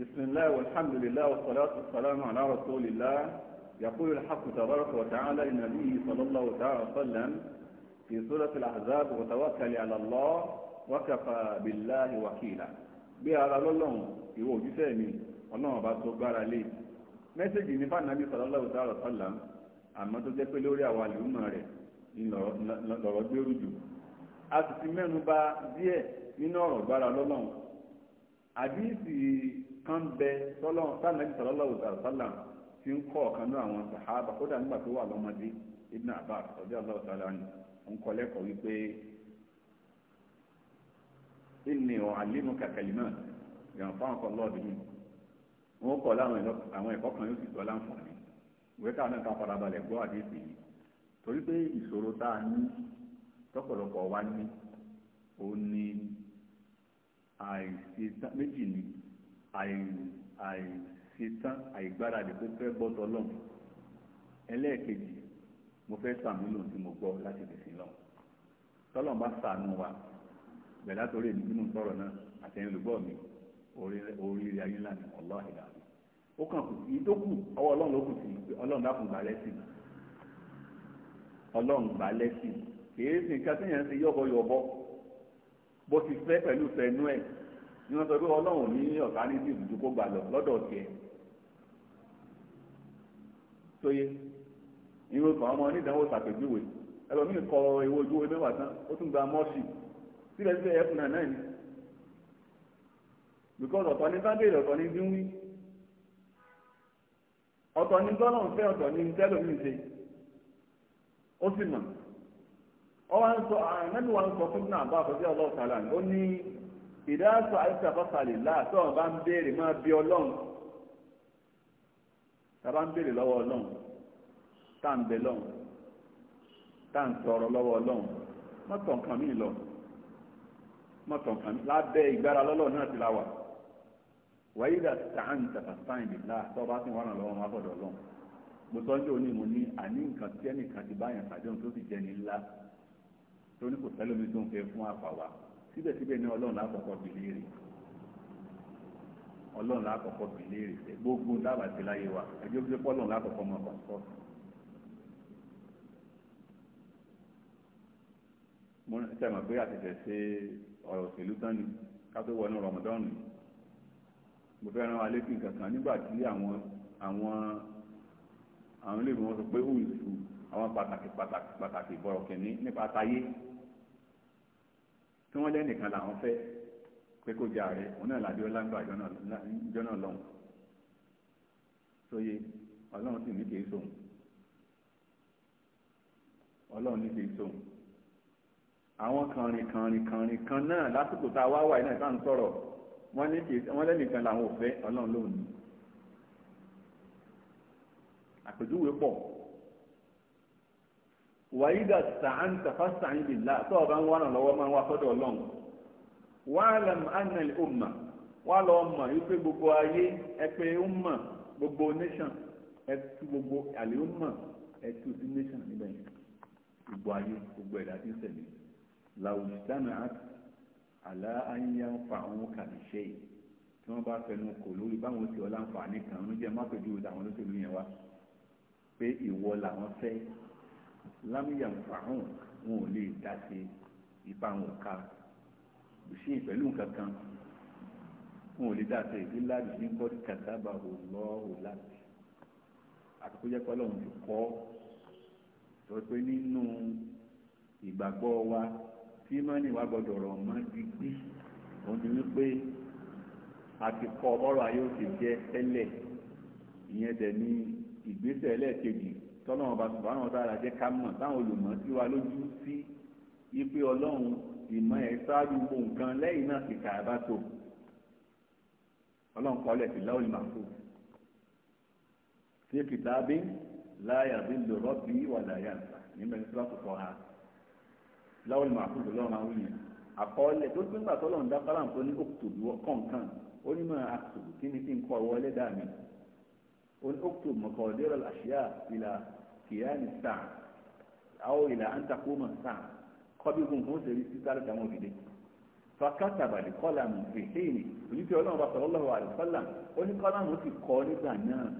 بسم الله والحمد لله والصلاة والسلام على رسول الله يقول الحق تبارك وتعالى لنبيه صلى الله عليه وسلم في سورة الأحزاب وتوكل على الله وكفى بالله وكيلا bí ara lọ́lọ́run ìwọ òjíṣẹ́ mi ọlọ́run ọba tó gbára lé mẹ́sẹ̀gì ní fànàbí sọlọ́lọ́wọ́ sáà sọ́làm àmọ́ tó jẹ́ pé lórí àwọn àlùmọ̀ rẹ̀ lọ̀rọ̀ gbèrú jù a sì ti mẹ́nu bà díẹ̀ nínú ọ̀rọ̀ gbára lọ́lọ́run àdíìsì kan bẹ tọ́lọ́run sànàbí sallallahu alaihi wasallam fi ń kọ́ ọ̀kan náà àwọn sàhábà kódà nígbà tó wà lọ́mọdé ibn abbas radiyallahu ta'ala anhu ń wípé inni láwọn ẹ̀kọ́ kan yóò tọ́ láǹfààní ìwé náà ká farabalẹ̀ gbọ́ torí pé ìṣòro tá a ní méjì ni àìsítán àìgbáradì tó fẹ́ gbọ́ tọ́lọ́n ẹlẹ́ẹ̀kejì mo fẹ́ sàmúlò tí mo gbọ́ láti tẹ̀sí lọ tọ́lọ́n bá sàánú wa bẹ̀rẹ̀ látòrí èmi nínú sọ̀rọ̀ náà olùgbọ́ mi oríire ayé ńlá ni ọlọ́ọ̀ ìlà mi ó kàn kù sí ọwọ́ ọlọ́run ló kù sí ọlọ́run ọlọ́run ni wọ́n sọ pé ọlọ́run ní ọ̀gá ní sí ìdúdú kó gbà lọ lọ́dọ̀ tiẹ̀ tóye irun kan ọmọ onídàáwó ṣàpèjúwe ẹlòmíì kọ ewu ojú ewé mẹ́wàá tán ó tún gba mọ́ọ̀sì síbẹ̀síbẹ̀ ẹ̀kún náà náà ni because ọ̀tọ̀ ní sábẹ́ẹ̀lì ọ̀tọ̀ ní dínwí ọ̀tọ̀ ní tọ́lọ́run fẹ́ ọ̀tọ̀ ní tẹ́lòmíì ṣe ó sì mọ̀ ọ wá ń sọ ànábì wa ń sọ fún náà bá àfọ́sí ọlọ́ọ̀tàlá ó ní ìdáhùn àìsàn fásàlélà tó wọn bá ń béèrè máa bí ọlọ́run tá a bá ń béèrè lọ́wọ́ ọlọ́run tá à ń bẹ lọ́run tá à ń tọrọ lọ́wọ́ ọlọ́run mọ́tò nǹkan mi lọ mọ́tò nǹkan mi lábẹ́ ìgbára lọ́lọ́run náà ti la wà wàyí dà sàn tàfàsàn ìlà tó o bá sì wọ́n lọ́wọ́ wọn bọ̀dọ̀ lọ́run mo sọ ní òní mo ní àní nǹkan tí ẹnìkan ti báyàn sàdéhùn tó sì jẹ́ ní ńlá tó ní kò sẹ́lómi tó ń fẹ́ fún àfàwà síbẹ̀síbẹ̀ ní ọlọ́run lákọ̀ọ́kọ́ bí léèrè ọlọ́run lákọ̀ọ́kọ́ bí léèrè gbogbo dábàá ti láyé wa ẹjọ́ bí pọ́ ọlọ́run lákọ̀ọ́kọ́ mọ kọ̀ọ̀kọ́. mo sẹ́mọ̀ pé àtẹ̀tẹ̀ ṣe ọ̀rọ̀ òṣèlú tán ni ká tó wọnú rọmọdọ́ọ̀nù mo fẹ́ rán wa létí nǹkan kan nígbà tí àwọn àwọn àwọn ilé ìwé wọn sọ pé òun ìsù àwọn pàtàkì pàtàkì pàtàkì bọ̀rọ̀ kẹ́ni nípa àtayé tí wọ́n lẹ́nìkan làwọn fẹ́ pé kó jẹ ààrẹ òun náà làbí ọlágbà jọ́nà lọ́hùn sóye ọlọ́run sì ní kì í sóhun ọlọ́run ní kì í sóhun àwọn kànrin kànrin kànrin kan náà lásìkò tá a wá wà náà sáà ń sọ̀rọ̀ wọ́n ní kì í wọ́n lẹ́nìkan làwọn ò fẹ́ ọlọ́run lóhùn ní àpèjúwe pọ̀ wàyídà sàn tàfàsàn billah tó o bá ń wà náà lọ́wọ́ máa ń wá sọ́dọ̀ ọlọ́run wàhálàm anal umma wà lọ mọ̀ wípé gbogbo ayé ẹ̀pẹ́ umma gbogbo nation ẹ̀tú gbogbo àlè umma ẹ̀tú sí nation níbẹ̀ gbogbo ayé gbogbo ẹ̀dá tí ń ṣẹlẹ̀ làwùjọ dáná àti àlá ayé ń fa àwọn kàbíṣe yìí tí wọ́n bá fẹnu kò lórí báwọn ti ọlá ń fa àníkàn ń jẹ́ mọ́tò ju olóṣèlú yẹn wá pé ìwọ làwọn fẹ́ lámìyà fàáhùn wọn ò lè dá sí ipa wọn ká bùsí pẹ̀lú nǹkan kan wọn ò lè dá sí ìdílá bìsí kọ́dí kàtàbà lọ́wọ́ láti àkókò jẹ́ pẹ́lú òun ti kọ́ sọ pé nínú ìgbàgbọ́ wa tí mọ́nì wa gbọ́dọ̀ rọ̀ mọ́ gbígbí òun ti wípé àti kọ́ ọ̀rọ̀ ayé ó ti jẹ́ tẹ́lẹ̀ ìyẹn tẹ̀ ní ìgbésẹ̀ ẹlẹ́ẹ̀kejì tọ́lọ́run ọba subhanahu wa ta'ala jẹ́ ká mọ̀ táwọn olùmọ̀ sí wa lójú sí ipe ọlọ́run ìmọ̀ ẹ̀ ṣáájú gbogbo nǹkan lẹ́yìn náà sì kà á bá tó ọlọ́run kọ́ lẹ̀ sí láwùlì màkú sí kìtàbí láyà bí lọ́rọ́ bí wà láyà nígbà tí wọ́n kọ̀ ha láwùlì màkú lọ́rọ́ máa wúlò àkọọ́lẹ̀ tó gbé ńgbà tọ́lọ́run dá kálàmù tó ní òkùtù kọ̀ọ̀kan ó ní mọ̀ àkùtù kí ni kí n kọ́ ọwọ́ قل اكتب مقادير الأشياء إلى قيام الساعة أو إلى أن تقوم الساعة قبل كنكم في ثالث أمور إليه فكتب لقلم في حينه ونيتي أولا صلى الله عليه وسلم وني قلم في قول دانا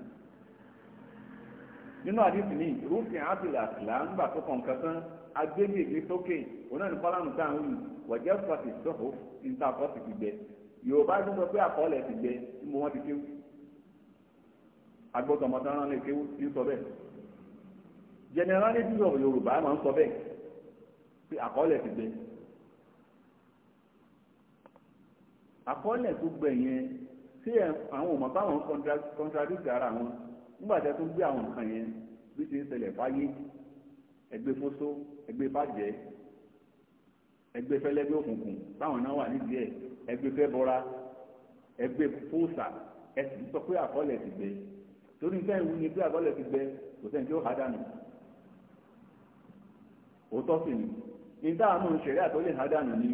nínú àdìsí ni rúfin àtìlà àtìlà ń gbà tó kàn kankan agbẹ́gbẹ́gbẹ́ sókè onáà ní kọ́lámù tá à ń wù wọ̀jẹ́ fàtì sọ́hó ní ta ti gbẹ yorùbá ló sọ pé àkọọ́lẹ̀ ti gbẹ ní mo wọ́n ti kéwù agbọ́dọ̀ ọmọ tán lè kéwú tí ó sọ bẹ́ẹ̀ generality of yorùbá máa ń sọ bẹ́ẹ̀ pé àkọọ́lẹ̀ ti gbẹ àkọọ́lẹ̀ tó gbẹ yẹn tí àwọn ọmọ táwọn contradict ara wọn nígbà tí a tún gbé àwọn nǹkan yẹn bí ti ń ṣẹlẹ̀ fáyé ẹgbẹ́ fóso ẹgbẹ́ bàjẹ́ ẹgbẹ́ fẹlẹ́gbẹ òkùnkùn táwọn náà wà nídìí ẹ̀ ẹgbẹ́ fẹ́ bọ́ra ẹgbẹ́ fóòsà ẹ sì sọ pé àkọọ́lẹ̀ ti gbẹ torí nǹkan ìwú ni pé àgọ́lẹ̀ ti gbẹ kò sẹ́ni tí ó há òótọ́ sì ni níta àánú ìṣẹ̀rí àtọ́lẹ̀ há ni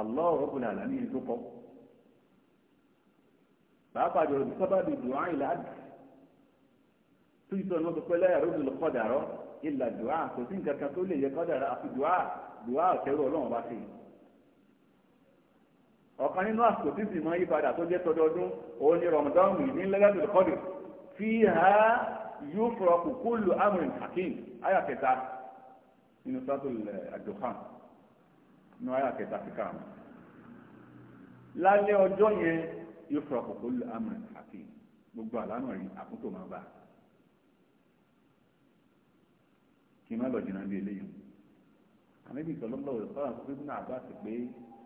Allah Rabbul kọ́ pàápàá jọ̀rọ̀ dùn áyìn láàdì tó sọ pé ìlà dùá kò sí nǹkan kan tó lè yẹ kọ́ àfi dùá dùá ọ̀kẹ́rù ọlọ́run bá ṣe ọ̀kan nínú àsìkò tí tó jẹ́ tọdọọdún òun ni ìdínlẹ́gàdùn فيها يفرق كل أمر حكيم آية كتاب من سورة الدخان ní ayé àkẹta ti káàmù lálẹ́ ọjọ́ yẹn yóò fọ àkókò amọ̀ àti gbogbo àlánà rí àkókò máa bá kí n má lọ jìnnà bí eléyìí àmẹ́bí ìtọ́lọ́lọ́ rẹ̀ fọ́nà tó fi náà bá ti pé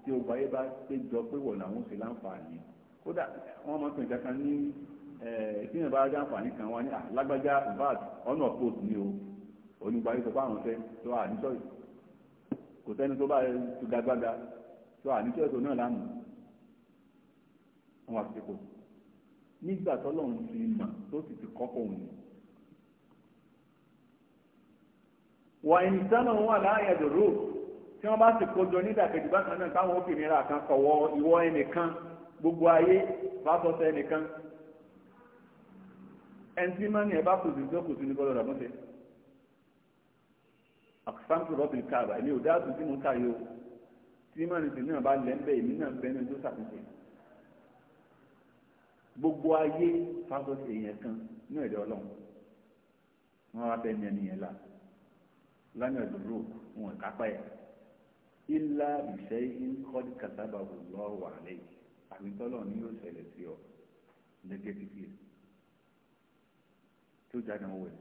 tí ogun ayé bá péjọ pé wọ̀ làwọn ò sí láǹfààní kódà wọ́n máa ń pè kankan ní tí eh, yẹn bá rí àǹfààní kan wá ní ah, lágbájá vat ọ̀nà post ni o onígbà yìí sọ àwọn fẹ́ tó à ní choice kò sẹ́ni tó bá tó náà lánàá wọn àti kò nígbà tọ́lọ́run ti mọ̀ tó sì ti kọ́kọ́ òun wọn bá sì bákan náà táwọn òkè nira kan ìwọ ẹnìkan gbogbo ayé ẹni tí mọ́ni ẹ̀ bá kò sí tó kò sí ní bọ́lọ̀ rà mọ́tẹ́ àkùsáǹtì rọ́bìn káàbà èmi ò dáàbò tí mo ká yìí o tí mọ́ni sì náà bá lẹ́ ń bẹ́ èmi náà bẹ́ ní tó sàkóso gbogbo ayé fásọsì èèyàn kan ní ẹ̀dẹ̀ ọlọ́run wọn wá bẹ́ẹ̀ ní ẹni yẹn la lánàá ìdúró wọn kápá ẹ̀ ilá ìṣe ìkọ́dí kàtàbà wò lọ́wọ́ àlẹ́ yìí àbí tọ́lọ́ ni yóò ṣẹlẹ̀ sí ọ negatively tí ó jáde wọn wẹ̀.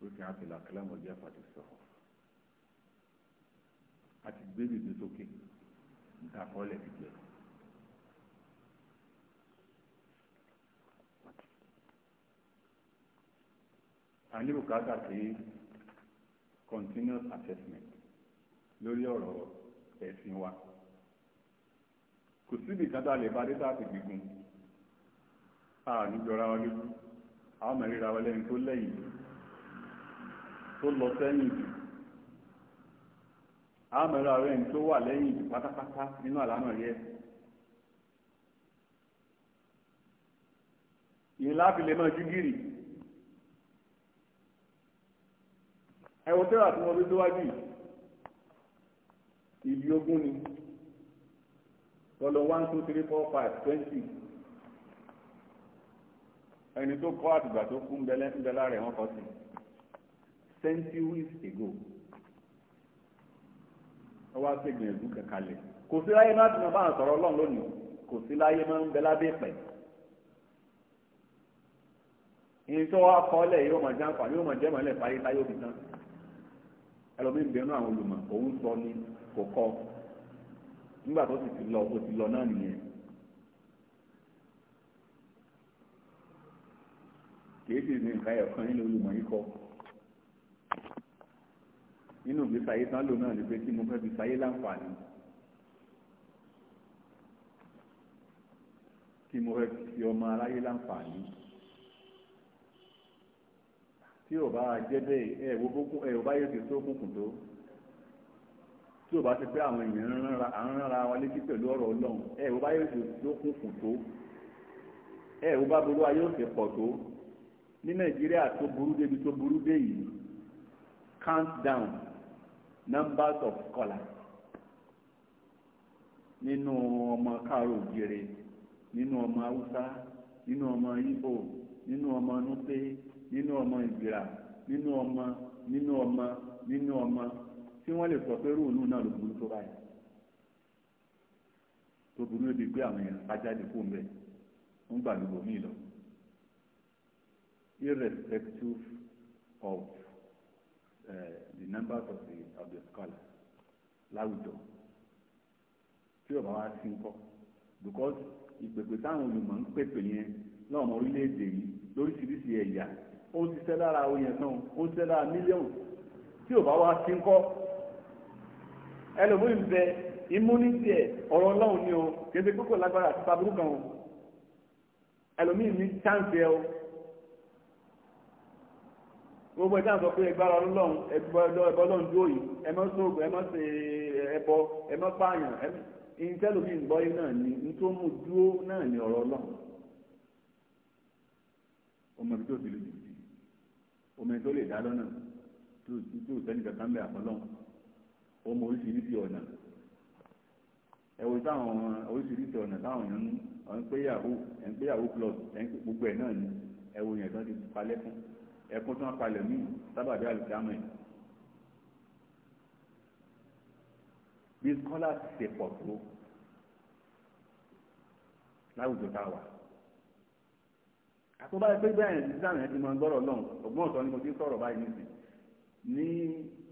rúfin àti làkàlámù ọjọ́ àfàtì sọ̀rọ̀ àti gbé bèbè sókè nǹkan àkọọ́lẹ̀ ti jẹ́. a ní bùkátà sí continuous assessment lórí ọ̀rọ̀ ẹ̀sìn wa kò síbi kátà lè bá dẹ́tà àti gbígun àníjọra wa lójú àwọn ọmọ ìríra wa lẹ́yìn tó lẹ́yìn tó lọ sẹ́yìn jù àwọn ọmọ ìríra wa lẹ́yìn tó wà lẹ́yìn jù pátápátá nínú àlámọ̀ yẹ. ìlà àfilẹ̀ máa ju gírì ẹ̀wọ̀n tẹ́lá tí wọ́n gbé síwájú ìlú ogún ni wọ́n lọ one two three four five twenty ẹni tó kọ́ àtìgbà tó kú ńbẹ́lá rẹ̀ wọ́n kọ́ sí centuries ago wọ́n wá sí ìgbìyànjú kankanlẹ̀ kò sí láyé máa tún bá sọ̀rọ̀ ọlọ́run lónìí kò sí láyé máa ń bẹ lábẹ́ pẹ̀ ìyẹn tó wá kọ́lẹ̀ yóò máa jẹ́ àǹfààní yóò máa jẹ́ mọ́lẹ̀ fáyé táyé òbí tán ẹlòmíín bẹ̀rù àwọn olùmọ̀ òun sọ ni kò kọ́ nígbà tó ti lọ bó ti lọ náà nìyẹn. kìí ní nǹkan ẹ̀kan nínú olùmọ̀ yìí kọ nínú ìgbésí ayé tán lò náà lè pé kí mo fẹ́ fi sáyé láǹfààní kí mo fẹ́ fi ọmọ aráyé láǹfààní tí ò bá jẹ́ bẹ́ẹ̀ ẹ̀ wo bá yẹ kí tó kúnkùn tó. tí o bá ti pé àwọn èèyàn ránra wa létí pẹ̀lú ọ̀rọ̀ ọlọ́run ẹ ò bá yóò tó kún fún tó ẹ ò bá burú ayé òsè pọ̀ tó ní nàìjíríà tó burú débi tó burú dé yìí count down numbers of scholars nínú ọmọ káàró òjèrè nínú ọmọ haúsá nínú ọmọ ibo nínú ọmọ nupe nínú ọmọ ìgbìrà nínú ọmọ nínú ọmọ nínú ọmọ tí wọ́n lè sọ pé róònù náà ló burú tó báyìí tó burú ó pé àwọn èèyàn ajáde kó ń bẹ ń gbà lóko lọ irrespective of uh, the numbers of the of the scholars láwùjọ tí ọba wa sí ń because ìpèpè táwọn olùmọ̀ ń pèpè yẹn lọ́mọ orílẹ̀-èdè yìí lóríṣiríṣi ẹ̀yà ó ti ṣẹ́ lára oyin tán ó ti ṣẹ́ lára mílíọ̀nù tí ọba wa sí ń ẹlòmíì ń bẹ immunity ẹ̀ ọ̀rọ̀ ọlọ́run ni o kì í ṣe kókò lágbára àti pàbùrù kan o ẹlòmíì ní chance ẹ o gbogbo ẹ̀ dáhùn sọ pé ẹgbẹ́ ara ọlọ́run ẹgbẹ́ ẹbọ ọlọ́run dúró yìí ẹ mọ́ sóògùn ẹ mọ́ ṣe ẹbọ ẹ mọ́ pààyàn ìtẹ́lómi ìgbọ́yé náà ni ní tó mú dúró náà ni ọ̀rọ̀ ọlọ́run ọmọ ibi tó ti lè dìbò ọmọ ibi tó lè dá lọ́nà tó tó sẹ́ni kankan bẹ́ẹ̀ àfọlọ́run ó oríṣiríṣi ọ̀nà ẹ táwọn oríṣiríṣi ọ̀nà táwọn èèyàn ń pé yahoo ẹ̀ ń pé yahoo plus ẹ̀ ń pé gbogbo ẹ̀ náà ni ẹ yẹn tán ti palẹ̀ fún ẹkún tí wọ́n palẹ̀ míì sábàbí àlùkámọ̀ bí kọ́lá ti ṣe pọ̀ tó láwùjọ tá a wà àtúbà pé bẹ́ẹ̀ ní sáwọn yẹn ti mọ gbọ́rọ̀ lọ́hùn ọgbọ́n ọ̀tọ̀ ni mo ti sọ̀rọ̀ báyìí nísìn ní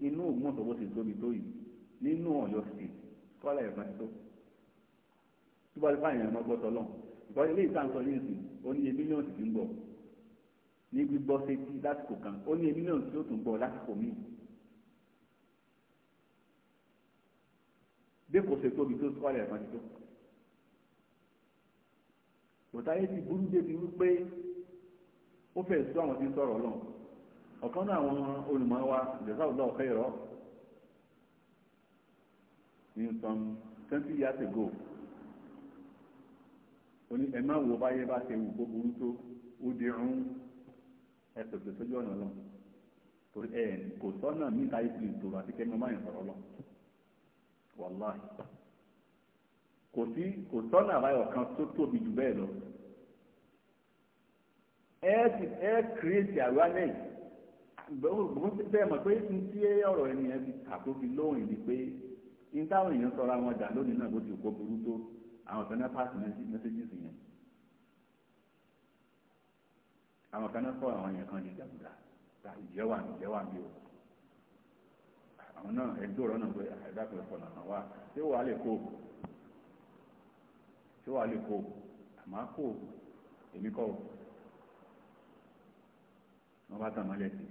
inú ògbọ́n bó ti tóbi tó yìí nínú ọ̀yọ́ state kọ́lá ẹ̀fọn ẹ̀ tó tó bá lè fáyìn ẹ̀mọ́ gbọ́tọ̀ lọ́n ìgbọ́ ilé ìtàǹsọ yìí sì ó ní mílíọ̀nù tí ń bọ̀ ní gbígbọ́ sétí lásìkò kan ó ní mílíọ̀nù tí ó tún bọ̀ lásìkò míì bí kò ṣe tóbi tó kọ́lá ẹ̀fọn ẹ̀ tó bọ̀táyé ti burú débi wípé ó fẹ́ sọ àwọn tí ń sọ̀rọ̀ lọ ọ̀kan náà àwọn olùmọ̀ wa jẹ̀sà ọ̀dọ́ ọ̀kẹ́ ìrọ̀ in some twenty years ago oní ẹ má wo báyé bá ṣe wù kó burú tó ó di rún ẹ pèsè sójú ọ̀nà lọ torí ẹ kò sọ́nà mí táyé fi lè tòrò àti kẹ́mi ọmọ yẹn sọ̀rọ̀ lọ wàláì kò sí kò sọ́nà àbáyọ̀ kan tó tóbi jù bẹ́ẹ̀ lọ ẹ ti ẹ kírèsì awareness bẹ́ẹ̀ mọ̀ pé n tí ọ̀rọ̀ ẹni yẹn ti kà tó lóhùn ni pé ní táwọn èèyàn sọra wọn jà lónìí náà bó ti kó burú tó àwọn kan náà pass messages yẹn àwọn kan náà sọ àwọn yẹn kan di jàgùdà ta ìjẹ́wà ìjẹ́wà mi o àwọn náà ẹgbẹ́ ọ̀rọ̀ náà pé àìdákùn ẹ̀fọ́ náà wà tí wàá lè kó tí wàá lè kó àmọ́ kó èmi kọ́ wọn bá tàn mọ́lẹ̀ sí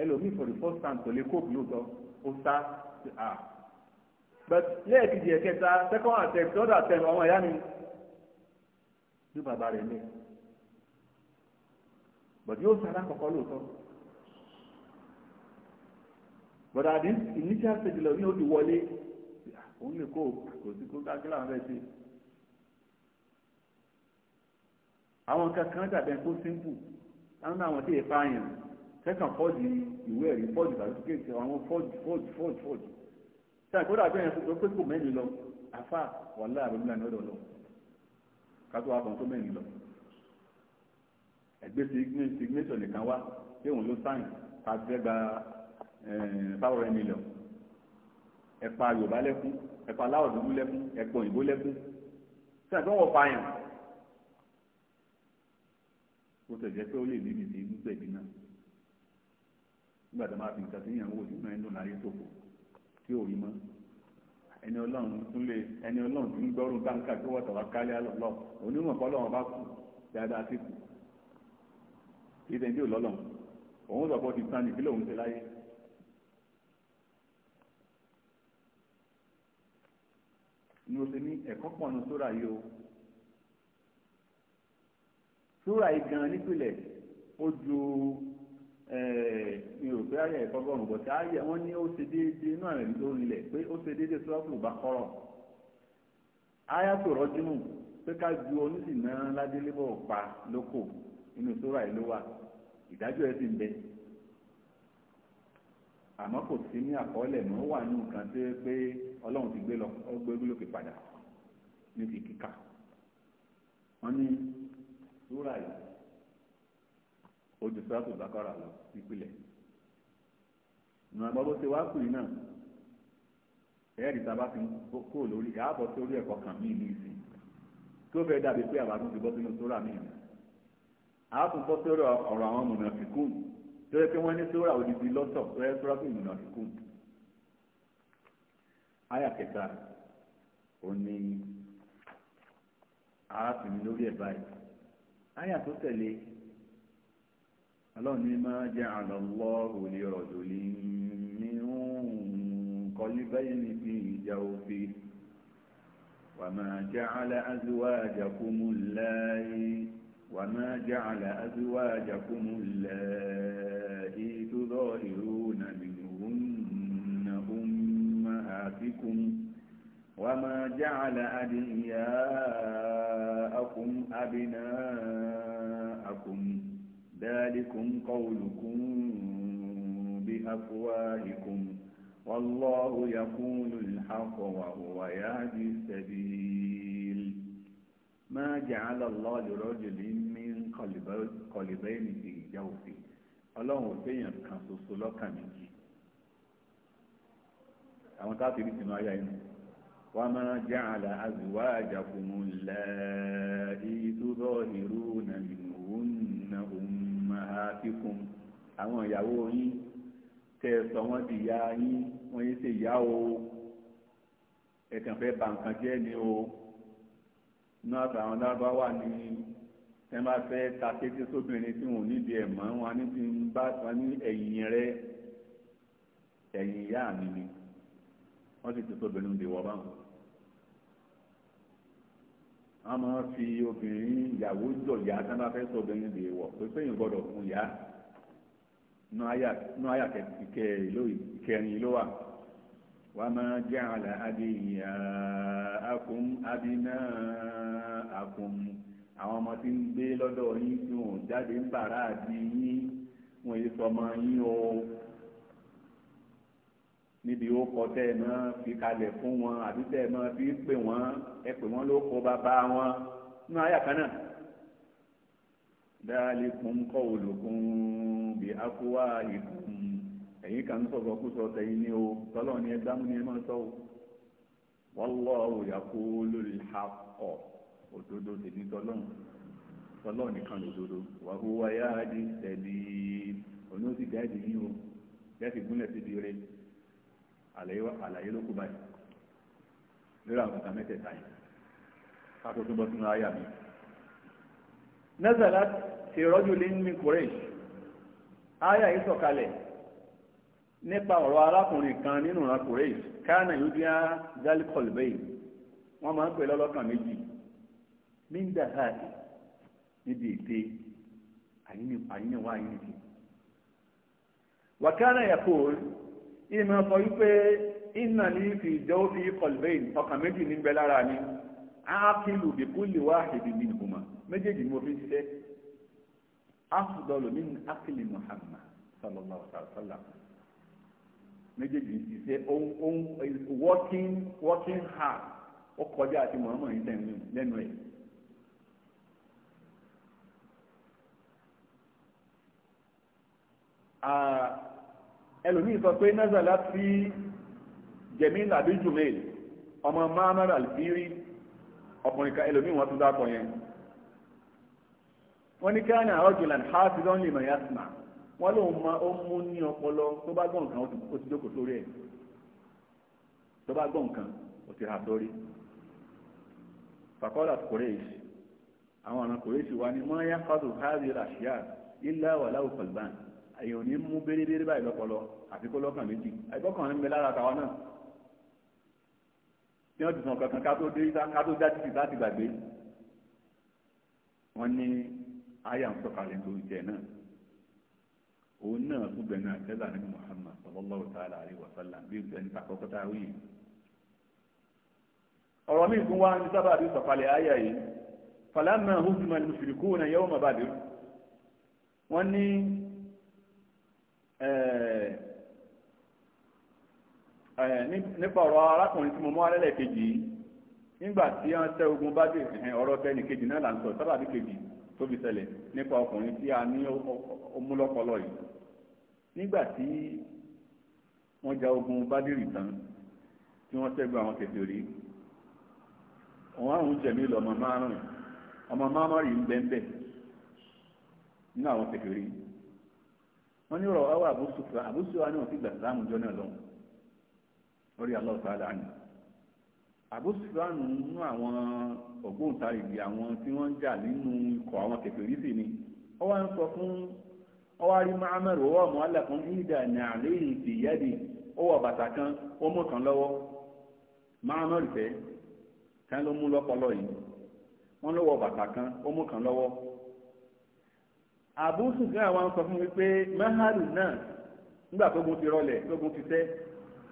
ẹlòmíì for the first time kò lè kó bí ó sọ ó sá sí à but lẹ́ẹ̀kejì ẹ̀kẹta second attempt third attempt ọmọ ìyá mi ní bàbá rẹ̀ lé but yóò sá lákọ̀ọ́kọ́ lóòótọ́ but at this initial stage lọ ní ó ti wọlé òun lè kó kò sí kó kákílà wọn fẹ́ sí i. àwọn kankan dàbẹ̀ kó simple àwọn àwọn tí èèpá yàn sẹ́kàn fọ́ọ̀dì ìwé ẹ̀rí fọ́ọ̀dì sàlùfíkẹ́tì àwọn fọ́ọ̀dì fọ́ọ̀dì fọ́ọ̀dì fọ́ọ̀dì sẹ́kàn kódà bẹ́ẹ̀ yẹn pé kò mẹ́rin lọ afa wàhálà àròmílà ní ọ̀dọ̀ lọ kátó wa kàn tó mẹ́rin lọ ẹgbẹ́ signature nìkan wá pé òun ló sáyìn pàṣẹ gba eh, power million ẹ̀pà yorùbá lẹ́kún ẹ̀pà aláwọ̀ dúdú lẹ́kún ẹ̀pọ̀ òyìnbó lẹ́kún sẹ́kàn wọ̀ fààyàn ó tẹ̀ jẹ́ pé ó lè níbi ìdí gbẹ̀bí náà nígbà tó máa fi nǹkan sí ìyàwó tí náà ń dùn láyé sòfò tí ò rí mọ́ ẹni ọlọ́run tún lè ẹni ọlọ́run tún gbọ́rùn táǹkà tó wọ́tọ̀ wá kálí àlọ́lọ́ onímọ̀ fọlọ́run bá kù dáadáa sí kù kí sẹ́ni tí ò lọ́lọ́run òun sọ̀pọ̀ ti tán nìkí lòun ti láyé ni o ti ní ẹ̀kọ́ pọ̀nù sóra yìí o sóra yìí gan nípìnlẹ̀ ó ju mi ò pé ayé ya bọ̀tí ayé wọ́n ní ó ṣe déédéé inú àrẹ̀ ló rinlẹ̀ pé ó ṣe déédéé sọ́ọ̀tù bá kọ́rọ̀ ayàtò rọ́júmù pé ká ju onísìnà ládélébọ̀ pa lóko inú sóra ló wà ìdájọ́ ẹ̀ sì ń bẹ àmọ́ kò sí ní àkọọ́lẹ̀ mọ́ wà ní nǹkan tó yẹ pé ọlọ́run ti lọ gbé lókè padà ní ti kíkà wọ́n ní ó ju sọ́ọ̀tù ala lọ nípìnlẹ̀ ìmọ̀ àgbọ̀ bó ṣe wá pè náà ẹ̀ẹ́dì tá a bá ti kó lórí ààbọ̀ sí orí ẹ̀kọ́ kan míì ní ìsìn tó fẹ́ dàbí pé àbádùn ti bọ́ sínú sóra míì ààbùn bọ́ sórí ọ̀rọ̀ àwọn mùnàfíkùn tó yẹ pé wọ́n ní sóra òdìdí lọ́tọ̀ tó sóra fún mùnàfíkùn àyà kẹta ò ní lórí ẹ̀ báyìí àyà tó tẹ̀lé ọlọ́run ní máa jẹ́ àlọ́lọ́ òní ọ̀dọ̀ lè ní kọlí báyìí ní bí ìjà òfin wà máa jẹ́ àlẹ́ àzúwà àjàkúmù láàyè wà máa jẹ́ àlẹ́ àzúwà àjàkúmù láàyè tó rọ̀ èrò nàmìnú nàhùn máa fi kún. وما جعل أدعياءكم أبناءكم ذلكم قولكم بأفواهكم والله يقول الحق وهو يهدي السبيل ما جعل الله لرجل من قلبين في جوفه ọlọ́run fẹ́yàn kan ṣoṣo lọ́kàn méjì àwọn káàkiri sínú ayá inú wa ma ja'ala azwajakumul laa'i na minhunna ummahatikum àwọn ìyàwó yín tẹ́ ẹ sọ wọ́n di ìyá yín wọ́n yín ṣe ìyá o ẹ̀kàn fẹ́ ba nǹkan jẹ́ ni o inú àtàwọn lárúbáwá ni ẹ máa fẹ́ ta kété sóbìnrin tí wọn ò nídìí ẹ̀ mọ́ wọn ní ti ń bá wọn ní ẹ̀yìn rẹ ẹ̀yìn ìyá mi ni wọ́n sì ti sóbìnrin ń de wọ́ báwọn wọ́n máa fi obìnrin ìyàwó jọ̀yà tí wọ́n bá fẹ́ sọ obìnrin lè wọ̀ pé péyìn gbọ́dọ̀ fún yá nú àyà kẹrin ló wà. وما جعل أدعياءكم أبناءكم àwọn ọmọ tí ń gbé lọ́dọ̀ yín tí jáde ń bàrá àti yín wọ́n sọmọ yín o níbi ó kọ tẹ́ ẹ mọ́ fi kalẹ̀ fún wọn àbí tẹ́ ẹ mọ́ fi pè wọ́n ẹ pè wọ́n ló kọ bàbá wọn nínú àyà kan náà. dáálíkùn kọ́ olùkún bí akúwá ìkùn ẹ̀yìn kan sọ̀rọ̀ kú sọ tẹ̀yìn ni o tọ́lọ́ ni ẹ dámú ni ẹ máa sọ o. wallahu yaqulul haqq òdodo tèmi tọ́lọ́ tọ́lọ́ nìkan lòdodo wàhùwà yáa di tẹ̀lé onó ti dáàdì yín o jáde gúnlẹ̀ síbi rẹ̀ àlàyé ló kú báyìí lórí àwọn ọ̀tà mẹ́tẹ̀ẹ̀ta yìí káàkó tó bọ́ sínú àyà mi. nẹ́sàlá ti rọ́jú lé ní kúrẹ́ṣì àyà yìí sọ̀kalẹ̀ nípa ọ̀rọ̀ arákùnrin kan nínú ìran kúrẹ́ṣì káànà yóò dín á zalikol bẹ́ẹ̀ wọ́n máa ń pè lọ́lọ́kàn méjì míńdà háàdì níbi ète àyíníwá àyíníkì wàkánà yàkó ìmọ̀ sọ wípé iná ní fi ìjọ ó fi kọlbẹ́ìn ọkàn méjì ní bẹ lára ni ákìlù bí kú lè wá èdè mi nìkùmọ̀ méjèèjì mo fi ṣiṣẹ́ áfùdọ́lù min ákìlì Muhammad sallallahu alaihi wa sallam méjèèjì ṣiṣẹ́ working working hard ó kọjá àti Muhammad yìí tẹ̀lé lẹ́nu ẹ̀. Uh, ẹlòmíì sọ pé nazala fi jẹ̀mí làbí jùmẹ̀lì ọmọ mahamad albiri ọkùnrin kan ẹlòmíì wọn tún dákọ yẹn wọn ní káyọ̀ náà ọ̀jọ̀lá ní hafi lọ́n lè mọ̀ yasma wọn lòun ma ó mú ní ọpọlọ tó bá gbọ́ nǹkan ó ti jókòó sórí ẹ̀ tó bá gbọ́ nǹkan ó ti hà sórí fakọ́lá kòrèèsì àwọn ọ̀nà kòrèèsì wa ni mọ́ yá fásitì hàzì ràṣíà ilá wàláwù pẹ̀lú èyàn ò ní mú bérebére báyìí lọ́pọlọ àfi kó lọ́kàn méjì àìkọ́kàn ń bẹ lára tàwa náà tí wọ́n ti sàn kankan ká tó dé ká tó dá títì láti gbàgbé wọ́n ní àyà ń sọ̀kalẹ̀ lórí tẹ̀ náà òun náà tún bẹ̀rẹ̀ náà tẹ́lá nínú Muhammad sallallahu ta'ala alaihi wa bí bẹ̀rẹ̀ níta kọ́kọ́ ọ̀rọ̀ mi fún wa ní sábà bí sọ̀kalẹ̀ àyà yìí falamma huzima al-mushrikuna yawma nípa ọ̀rọ̀ arákùnrin tí mo mọ́ alẹ́lẹ̀ kejì yìí nígbà tí wọ́n ogun bá dé ọ̀rọ̀ tẹ́ni kejì náà là sábàbí kejì tó fi ṣẹlẹ̀ nípa ọkùnrin tí a ní omúlọ́pọlọ yìí nígbàtí wọ́n wọ́n ní ọ̀rọ̀ ọwọ́ àbúṣùfà àbúṣùfà náà ti gbà sáàmù jọ náà lọ́wọ́ lórí abu sufra àbúṣùfà nínú àwọn ògbóǹtarìgì àwọn tí wọ́n jà nínú ikọ̀ àwọn kẹfẹ́rí sì ni ọwọ́ ń sọ fún rí mahamadu ọmọ ní bàtà kan kan kan ló mú yìí bàtà kan ó Abu Sufyan wa ń sọ fún mi pé mahalu náà nígbà tó gun ti rọlẹ̀ tó gun ti tẹ́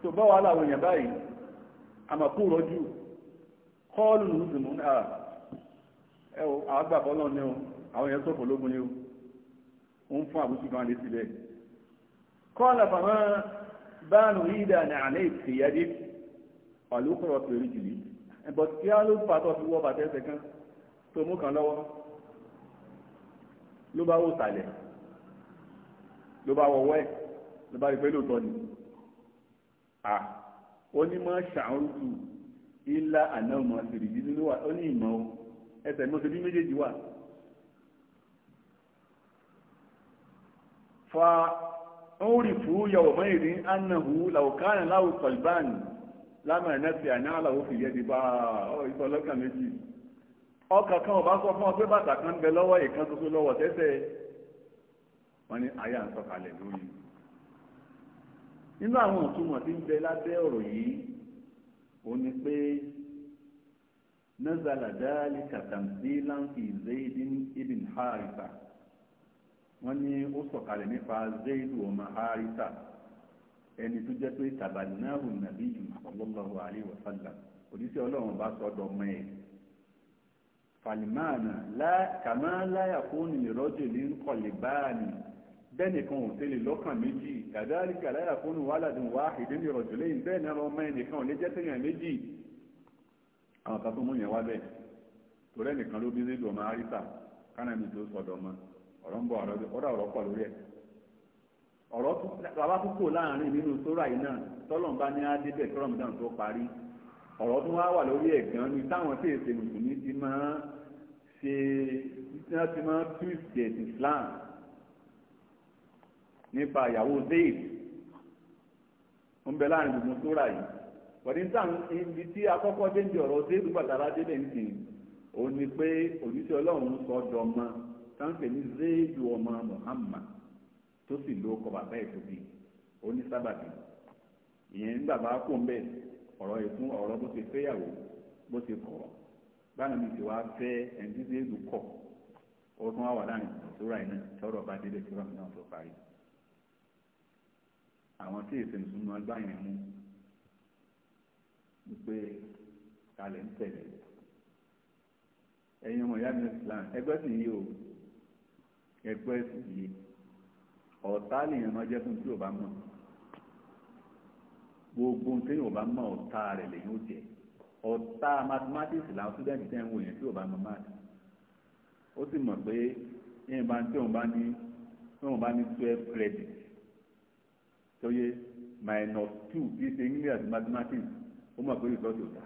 tó bá wà láwọn èèyàn báyìí àmàkù rọjú kọ́ọ̀lù lùsùmù náà ah, ẹ o àgbà bọ́lọ̀ ni o àwọn èèyàn sọ̀fọ̀ lógun ni o ó ń fún Abu Sufyan létí bẹ́ẹ̀. kọ́ọ̀lù fàmọ́ báàlù ìdá ní àlẹ́ ìfìyàdé pàlú kọ̀rọ̀ pẹ̀lú jìlì ẹ̀bọ̀ tí a ló fà tó fi wọ́ bàtẹ́sẹ̀ kan tó mú kan lọ́wọ́ ló bá wò sàlẹ̀ ló bá wọwọ́ ẹ̀ ló bá rí pé lóòótọ́ ni à onímọ̀ ṣàrùtù ilá àná ọmọ àṣìrìjì nínú wa ó ní ìmọ̀ o ẹsẹ̀ ní oṣèlú méjèèjì wà. fa orí fún yàwó mẹ́rin ní anahu làwòkánà láwùkọ̀lbán lámà náà fi àná àlàó fìyẹ́ di bá ọ ìtọ́lọ́kà méjì ọkà kan ọba sọ fún ọ pé bàtà kan ń bẹ lọ́wọ́ ìkan tuntun lọ́wọ́ tẹ́tẹ́ wọn ni àyà ń sọ̀kalẹ̀ lórí nínú àwọn ìtumọ̀ tí ń bẹ lábẹ́ ọ̀rọ̀ yìí ó ní pé nazala dáálì katamsilan fi zaydin ibn haritha wọn ní ó sọ̀kalẹ̀ nípa zaidu ọmọ haritha ẹni tó jẹ́ pé tabanahu nabiyyu sallallahu alaihi wa sallam òdíṣẹ́ ọlọ́run bá sọ ọdọ̀ ọmọ ẹ̀ fàlìmáàna kàmá láyà fóònù ìrọ́jò ní kọlìbáàni bẹ́ẹ̀nìkan ò tẹ́lẹ̀ lọ́kàn méjì kàdáríkà lẹ́yìn bẹ́ẹ̀ ọmọ ò lè jẹ́ tẹ̀yàn méjì àwọn kan tó mú yẹn wá bẹ́ẹ̀ torí ẹnìkan ló bí nílùú ọmọ àríṣà kánà mi tó sọdọ̀ ọmọ ọ̀rọ̀ ń bọ̀ ọ̀rọ̀ ọ̀rọ̀ pọ̀ lórí ẹ̀ ọ̀rọ̀ púpọ̀ nínú náà tọ́lọ̀ ọ̀rọ̀ tó wá wà lórí ẹ̀gán ni táwọn tí èsè mùsùlùmí ti máa ṣe tí ti máa twist ẹ̀sìn Islam nípa ìyàwó Zayd ń bẹ láàrin gbogbo tó rà yìí pẹ̀lú táwọn ibi tí akọ́kọ́ dé ń di ọ̀rọ̀ Zayd gbàtàrà délé ń sìn ó ní pé òjíṣẹ́ Ọlọ́run sọ dọ́mọ táǹpẹ̀ ní Zayd ọmọ Muhammad tó sì lóko bàbá ẹ̀ tóbi onísábàbí ìyẹn ń bàbá kò ń bẹ́ẹ̀ ọ̀rọ̀ ìfún ọ̀rọ̀ bó ṣe fẹ́yàwó bó ṣe kọ̀ báyìí mi ti wá fẹ́ ẹni tí ṣéèdù kọ̀ ó tún wá wà láàrin ìṣòro àìní tọ́rọ̀ bá délé tí rọmìnà tó parí àwọn tí èsì ìsúná gbá yẹn mú wípé kalẹ̀ ń tẹ̀lé ẹ̀yin ọmọ ìyá mi Islam ẹgbẹ́ sì yí o ẹgbẹ́ sì yí ọ̀tá lèèyàn máa jẹ́ fún tí ò bá mọ̀ gbogbo nǹkan yóò bá mọ ọ̀tá rẹ̀ lẹ́yìn òjẹ́ ọ̀tá mathematics làwọn student tẹ́ ń wò yẹn tí yóò bá mọ math ó sì mọ̀ pé yẹn bá tí òun bá ní tí òun bá ní twelve credit tó yẹ minus two bí ṣe English àti mathematics ó mọ̀ pé ìtọ́ tó dá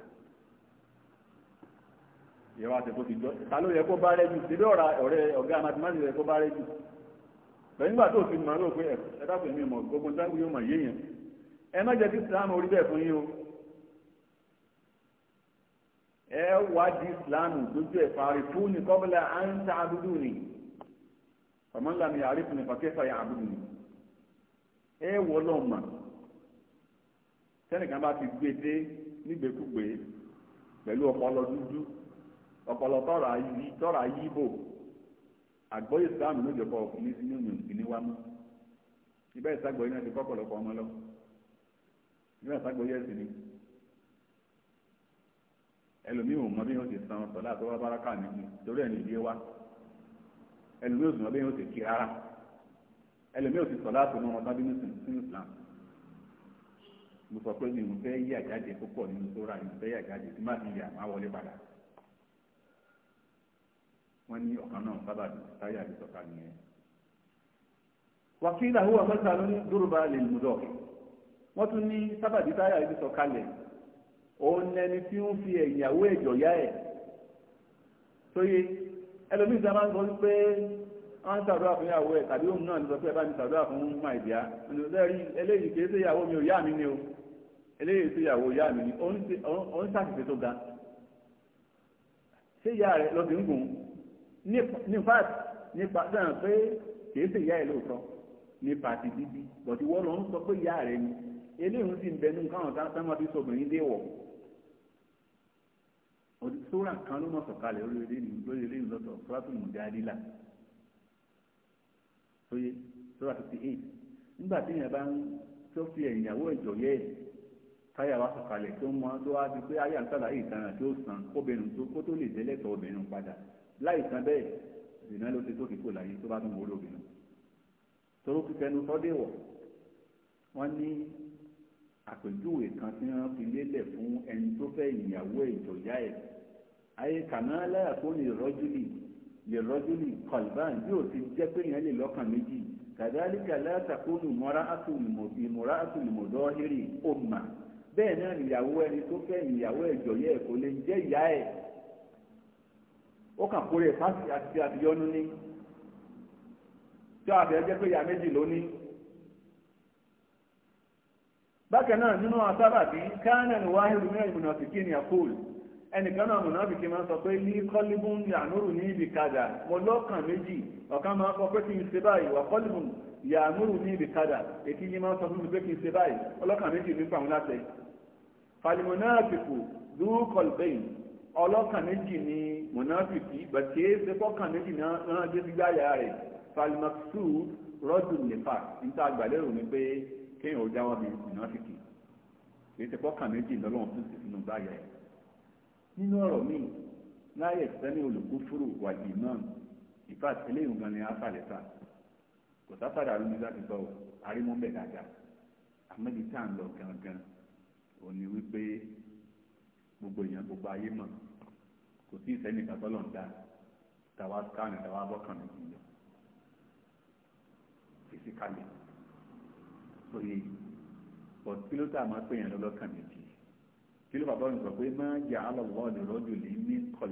ìyẹn wá sẹ́kọ̀ọ́ ti jọ ta ló yẹ kó bá rẹ́ jù síbí ọ̀rẹ́ ọ̀gá mathematics yẹ kó bá rẹ́ jù pẹ̀lú nígbà tó o ti mọ̀ ọ́ lóògbé ẹ̀ ẹ̀ dákun mi mọ̀ gbogbo nígbà tó yóò mọ̀ yéèyàn ẹ má jẹ́ kí islam orí bẹ́ẹ̀ fún yín o ẹ wá di islam lójú ẹ̀ fàárí fún ní kọ́bílà à ń ta abúdú ni ọmọlá mi àrífù ni ẹ wọ́ lọ́mà sẹ́nìkan bá ti gbé dé nígbèkúgbè pẹ̀lú ọpọlọ dúdú ọpọlọ tọrọ ayí tọrọ ayí bò islam lójú ọ̀pọ̀ ọkùnrin sí ní òyìnbó ní wámú ibẹ̀ ìsagbọ̀ yìí náà nígbà tá gbóyè sí ni ẹlòmíì ò mọ bí yóò ti san sọlá tó wá bára káà méjì torí ẹni ìdíyẹ wá ẹlòmíì ò sì mọ bí yóò ti kí rárá ẹlòmíì ò sì sọlá tó mọ ọmọdé nínú sínú Islam mo sọ pé mi ò fẹ́ yí àjáde púpọ̀ nínú mi fẹ́ yí àjáde tí má wọ́n tún ní sábàbí táyà ibi sọ̀kalẹ̀ òun lẹni tí ń fi ẹ̀yàwó ẹ̀jọ̀ yá ẹ̀ tóye ẹlòmíì sábà ń sọ pé wọ́n ń ṣàdúrà fún ìyàwó ẹ̀ tàbí òun náà ń sọ pé ẹ bá mi ṣàdúrà fún màìdíá eléyìí kìí ṣe ìyàwó mi ò yá mi ni o eléyìí ṣe ìyàwó yá mi ni òun ṣàṣìṣe tó ga ṣé ìyá rẹ lọ́ọ́ fi ń gùn ní fact nípa dáhùn pé kìí ṣe ìyá ẹ̀ lóòótọ́ nípa ti bíbí bọ̀dí wọ́n lọ ń sọ pé ìyá rẹ ni eléyìí sì ń bẹnu káwọn tá sáwọn àti sọgbìnrin dé wọ sóra kan ló mọ sọ̀kalẹ̀ lórí eléyìí lọ́tọ̀ sọlátù mùdáàdìlà sóye sóra fifty eight nígbà tí èèyàn bá ń tó fi ẹ̀yìnàwó ìjọ yẹ ẹ̀ táyà wá sọ̀kalẹ̀ tó mọ tó wá di pé ayé àtàlà ìtara tó san kóbìnrin tó kó tó lè délẹ̀tọ̀ obìnrin padà láì san bẹ́ẹ̀ ìdènà ló ti tó kíkó láyé tó bá tún wọlé obìnrin torókùtẹnu sọdẹwọ wọn ní àpèjúwe kan tí wọ́n fi lélẹ̀ fún ẹni tó fẹ́ ìyàwó ìjọyà ẹ̀ ayé kàmáńlá kó lè rọ́júlì lè rọ́júlì kọ̀lbán bí ó ti jẹ́ pé yẹn lè lọ́kàn méjì kàdálíkà látàkùnù mọ́ra ìmọ̀ra àtùlùmọ̀dọ́ hírì ọ̀mà bẹ́ẹ̀ náà ìyàwó ẹni tó fẹ́ ìyàwó ìjọyà ẹ̀ kò lè jẹ́ ìyá ẹ̀ ó kàn kórè fásitì àti àbíyọ́nú ní tí a fẹ́ jẹ́ pé ìyá méjì lónìí bákan náà nínú àsábàbí kánẹ̀ ni wáhìrù mẹ́rin mùnàfìkì ni àkóòl ẹnìkan náà mùnàfìkì máa ń sọ pé ní kọ́líbùn yànúrù ní ibi kadà mo lọ́kàn méjì ọ̀kan máa ń sọ pé kí n ṣe báyìí wà kọ́líbùn yànúrù ní ibi kadà èkí yìí máa ń sọ fún mi pé kí n ṣe báyìí ọlọ́kàn méjì ní pàmò láṣẹ. falimonaafiku dúkọlbẹ́yìn ọlọ́kàn méjì ni mùnàfìkì bàtẹ́ kéèyàn ó jáwọ́ mi ìnáfíkì èyí ti pọ́kà méjì lọ́lọ́run tún sì sínú báyà ẹ̀ nínú ọ̀rọ̀ míì láyé ìsẹ́ni olùkúfúrú wàjì náà ìfà eléyìí gan ni afàlẹ́fà kò sáfàdà lómi láti sọ arímọ́bẹ̀ dáadáa àmọ́bi tá à ń lọ gangan ò ní wípé gbogbo èèyàn gbogbo ayé mọ̀ kò sí ìsẹ́ni ìgbàgbọ́lọ̀ ń dá tàwa skáàni tàwa bọ́kàn méjì lọ fìsíkàlẹ̀ òye but kí ló tà máa pè yàn lọ́lọ́kàn méjì kí ló bàbá òyìnbó pé má jà á lọ́wọ́ ọ̀dọ̀rọ̀ jù lé ní kọ̀l